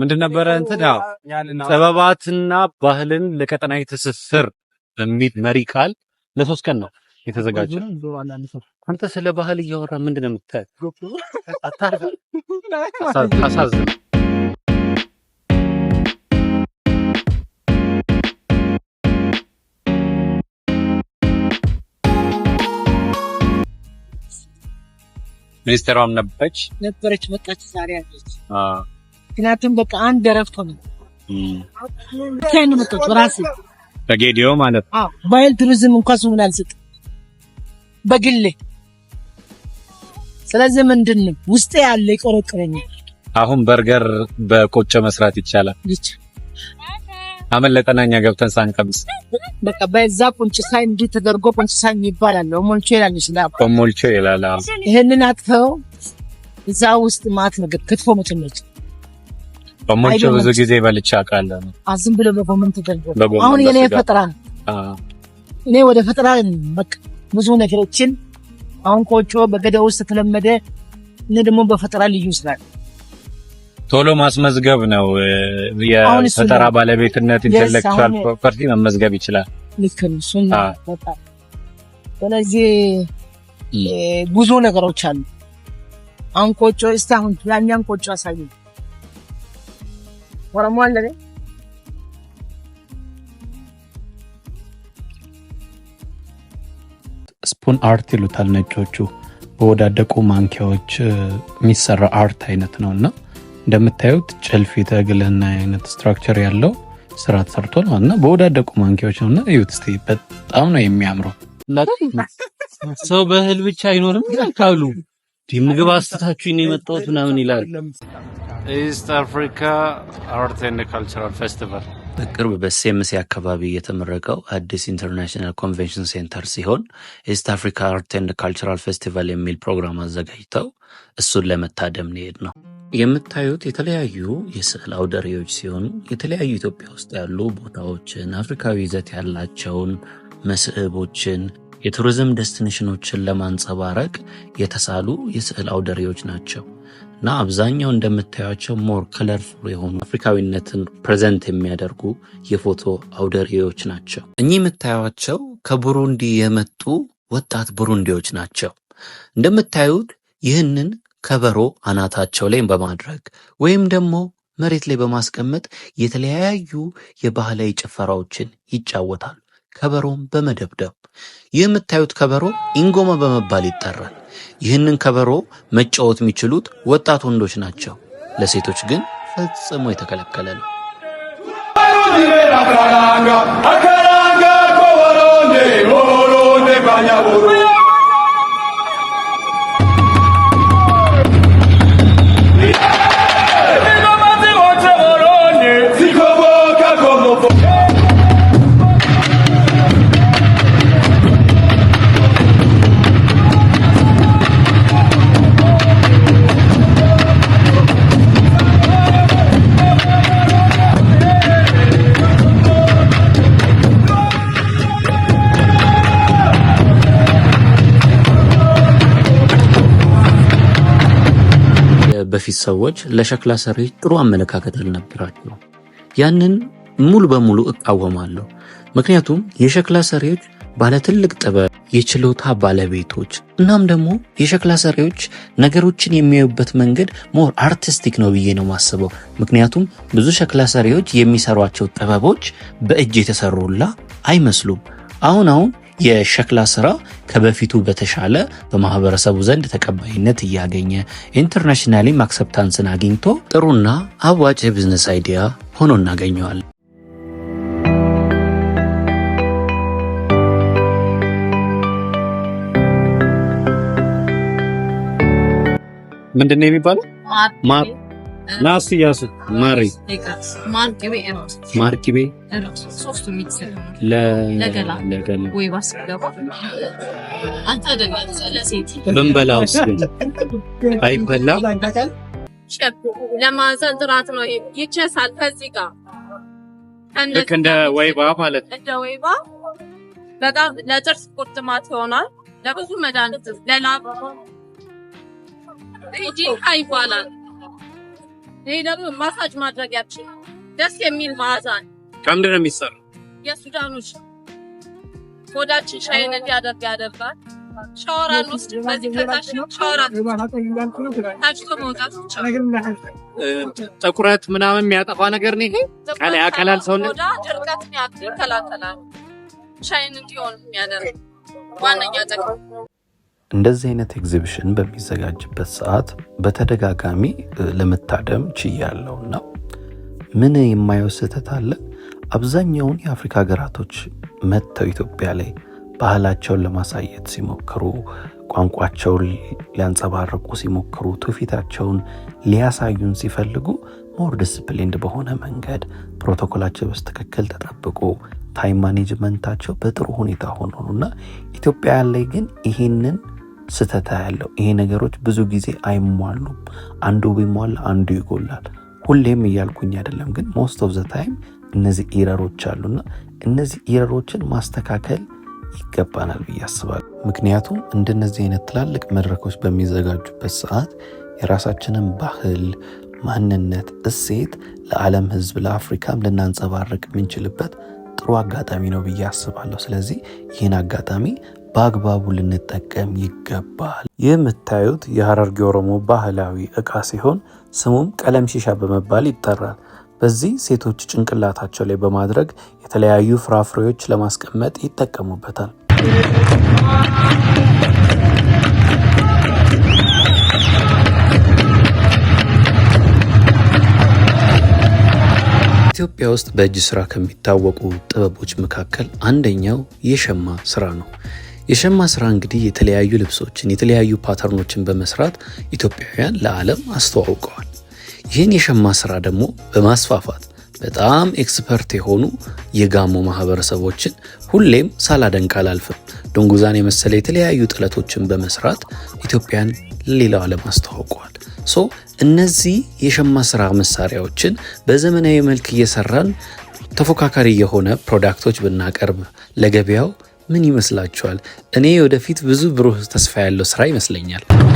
ምንድን ነበረ እንትን ጥበባትና ባህልን ለቀጠናዊ ትስስር በሚል መሪ ቃል ለሶስት ቀን ነው የተዘጋጀ። አንተ ስለ ባህል እያወራ ምንድን ነው ሚኒስቴሯም ሚኒስትሯም ነበረች ነበረች መጣች ዛሬ አለች። ምክንያቱም በቃ አንድ ደረፍቶ ነው ሆነ ምጥጥ ራስ በጌዲዮ ማለት ነው። ባይል ቱሪዝም እንኳን ስሙን አልሰጥ በግሌ። ስለዚህ ምንድን ነው ውስጤ ያለ ይቆረቆረኛል። አሁን በርገር በቆጮ መስራት ይቻላል። አመለጠና እኛ ገብተን ሳንቀምስ በቃ በዛ ቁንጭ ሳይ እንዲህ ተደርጎ ቁንጭ ሳይ ይባላል። ሞልቾ ይላል ይችላል። ሞልቾ ይላል። ይሄንን አጥፈው እዛ ውስጥ ማት ነገር ክትፎ ምትመጭ ጎመኖች ብዙ ጊዜ በልቼ አውቃለሁ። አዝም ብሎ በጎመን ተደርጎ አሁን የኔ ፈጠራ እኔ ወደ ፈጠራ ብዙ ነገሮችን አሁን ቆጮ በገዳ ውስጥ ተለመደ። እኔ ደግሞ በፈጠራ ልዩ ስላል ቶሎ ማስመዝገብ ነው። የፈጠራ ባለቤትነት ኢንተሌክቹዋል ፕሮፐርቲ መመዝገብ ይችላል። ልክ ነው። እሱን ስለዚህ ብዙ ነገሮች አሉ። አሁን ቆጮ እስቲ አሁን ያኛን ቆጮ አሳዩ പുറമോ ഉള്ളത് ስፑን አርት ይሉታል ነጮቹ። በወዳደቁ ማንኪያዎች የሚሰራ አርት አይነት ነው እና እንደምታዩት ጨልፊት እግልና አይነት ስትራክቸር ያለው ስራ ተሰርቶ ነው እና በወዳደቁ ማንኪያዎች ነው እና እዩት እስኪ በጣም ነው የሚያምረው። ሰው በእህል ብቻ አይኖርም ካሉ ምግብ አስተታችሁ ነው የመጣሁት ምናምን ይላል። ኢስት አፍሪካ አርት ኤንድ ካልቸራል ፌስቲቫል በቅርብ በሴምሴ አካባቢ የተመረቀው አዲስ ኢንተርናሽናል ኮንቬንሽን ሴንተር ሲሆን ኢስት አፍሪካ አርት ኤንድ ካልቸራል ፌስቲቫል የሚል ፕሮግራም አዘጋጅተው እሱን ለመታደም ሊሄድ ነው። የምታዩት የተለያዩ የስዕል አውደሬዎች ሲሆኑ የተለያዩ ኢትዮጵያ ውስጥ ያሉ ቦታዎችን፣ አፍሪካዊ ይዘት ያላቸውን መስህቦችን የቱሪዝም ዴስቲኔሽኖችን ለማንጸባረቅ የተሳሉ የስዕል አውደሬዎች ናቸው እና አብዛኛው እንደምታዩቸው ሞር ከለርፉል የሆኑ አፍሪካዊነትን ፕሬዘንት የሚያደርጉ የፎቶ አውደሬዎች ናቸው። እኚህ የምታዩቸው ከቡሩንዲ የመጡ ወጣት ቡሩንዲዎች ናቸው። እንደምታዩት ይህንን ከበሮ አናታቸው ላይ በማድረግ ወይም ደግሞ መሬት ላይ በማስቀመጥ የተለያዩ የባህላዊ ጭፈራዎችን ይጫወታሉ። ከበሮም በመደብደብ ይህ የምታዩት ከበሮ ኢንጎማ በመባል ይጠራል። ይህንን ከበሮ መጫወት የሚችሉት ወጣት ወንዶች ናቸው። ለሴቶች ግን ፈጽሞ የተከለከለ ነው። በፊት ሰዎች ለሸክላ ሰሪዎች ጥሩ አመለካከት አልነበራቸው። ያንን ሙሉ በሙሉ እቃወማለሁ። ምክንያቱም የሸክላ ሰሪዎች ባለ ትልቅ ጥበብ፣ የችሎታ ባለቤቶች እናም ደግሞ የሸክላ ሰሪዎች ነገሮችን የሚያዩበት መንገድ ሞር አርቲስቲክ ነው ብዬ ነው ማስበው። ምክንያቱም ብዙ ሸክላ ሰሪዎች የሚሰሯቸው ጥበቦች በእጅ የተሰሩላ አይመስሉም። አሁን አሁን የሸክላ ስራ ከበፊቱ በተሻለ በማህበረሰቡ ዘንድ ተቀባይነት እያገኘ ኢንተርናሽናሊ አክሰፕታንስን አግኝቶ ጥሩና አዋጭ የቢዝነስ አይዲያ ሆኖ እናገኘዋል። ምንድን ነው የሚባለው? ናስ ያሱ ማሪ ማርቂቤ ብንበላውስ አይበላም። ለማዘን ጥራት ነው ይቸሳል። ከዚህ ጋር ልክ እንደ ወይባ ማለት ነው። እንደ ወይባ በጣም ለጥርስ ቁርጥማት ይሆናል። ለብዙ መድኃኒት ለላብ ይባላል። ይሄ ደግሞ ማሳጅ ማድረጊያችን ደስ የሚል መዓዛ ነው። ከምንድን ነው የሚሰራው? የሱዳኖች ሆዳችን ሻይን እንዲያደርግ ያደርጋል። ሻወራ በዚህ ከታሽ መውጣት ጥቁረት ምናምን የሚያጠፋ ነገር ነው ይሄ ቀላይ አካላል ሰው ሆዳ ድርቀት ይከላከላል። ሻይን እንዲሆን የሚያደርግ ዋነኛ ጥቅም እንደዚህ አይነት ኤግዚቢሽን በሚዘጋጅበት ሰዓት በተደጋጋሚ ለመታደም ችያለሁ እና ምን የማየው ስህተት አለ? አብዛኛውን የአፍሪካ ሀገራቶች መጥተው ኢትዮጵያ ላይ ባህላቸውን ለማሳየት ሲሞክሩ፣ ቋንቋቸውን ሊያንጸባርቁ ሲሞክሩ፣ ትውፊታቸውን ሊያሳዩን ሲፈልጉ ሞር ዲስፕሊንድ በሆነ መንገድ ፕሮቶኮላቸው በስትክክል ተጠብቆ ታይም ማኔጅመንታቸው በጥሩ ሁኔታ ሆኖ ነውና ኢትዮጵያ ላይ ግን ይሄንን ስተታ ያለው ይሄ ነገሮች ብዙ ጊዜ አይሟሉም። አንዱ ቢሟላ አንዱ ይጎላል። ሁሌም እያልኩኝ አይደለም፣ ግን ሞስት ኦፍ ዘ ታይም እነዚህ ኢረሮች አሉና እነዚህ ኢረሮችን ማስተካከል ይገባናል ብዬ አስባለሁ። ምክንያቱም እንደነዚህ አይነት ትላልቅ መድረኮች በሚዘጋጁበት ሰዓት የራሳችንን ባህል፣ ማንነት፣ እሴት ለዓለም ህዝብ ለአፍሪካም ልናንጸባርቅ የምንችልበት ጥሩ አጋጣሚ ነው ብዬ አስባለሁ። ስለዚህ ይህን አጋጣሚ በአግባቡ ልንጠቀም ይገባል። ይህ የምታዩት የሀረርጌ ኦሮሞ ባህላዊ እቃ ሲሆን ስሙም ቀለም ሺሻ በመባል ይጠራል። በዚህ ሴቶች ጭንቅላታቸው ላይ በማድረግ የተለያዩ ፍራፍሬዎች ለማስቀመጥ ይጠቀሙበታል። ኢትዮጵያ ውስጥ በእጅ ስራ ከሚታወቁ ጥበቦች መካከል አንደኛው የሸማ ስራ ነው። የሸማ ስራ እንግዲህ የተለያዩ ልብሶችን የተለያዩ ፓተርኖችን በመስራት ኢትዮጵያውያን ለዓለም አስተዋውቀዋል። ይህን የሸማ ስራ ደግሞ በማስፋፋት በጣም ኤክስፐርት የሆኑ የጋሞ ማህበረሰቦችን ሁሌም ሳላደንቅ አላልፍም። ዶንጉዛን የመሰለ የተለያዩ ጥለቶችን በመስራት ኢትዮጵያን ለሌላው ዓለም አስተዋውቀዋል። ሶ እነዚህ የሸማ ስራ መሳሪያዎችን በዘመናዊ መልክ እየሰራን ተፎካካሪ የሆነ ፕሮዳክቶች ብናቀርብ ለገበያው ምን ይመስላችኋል? እኔ ወደፊት ብዙ ብሩህ ተስፋ ያለው ስራ ይመስለኛል።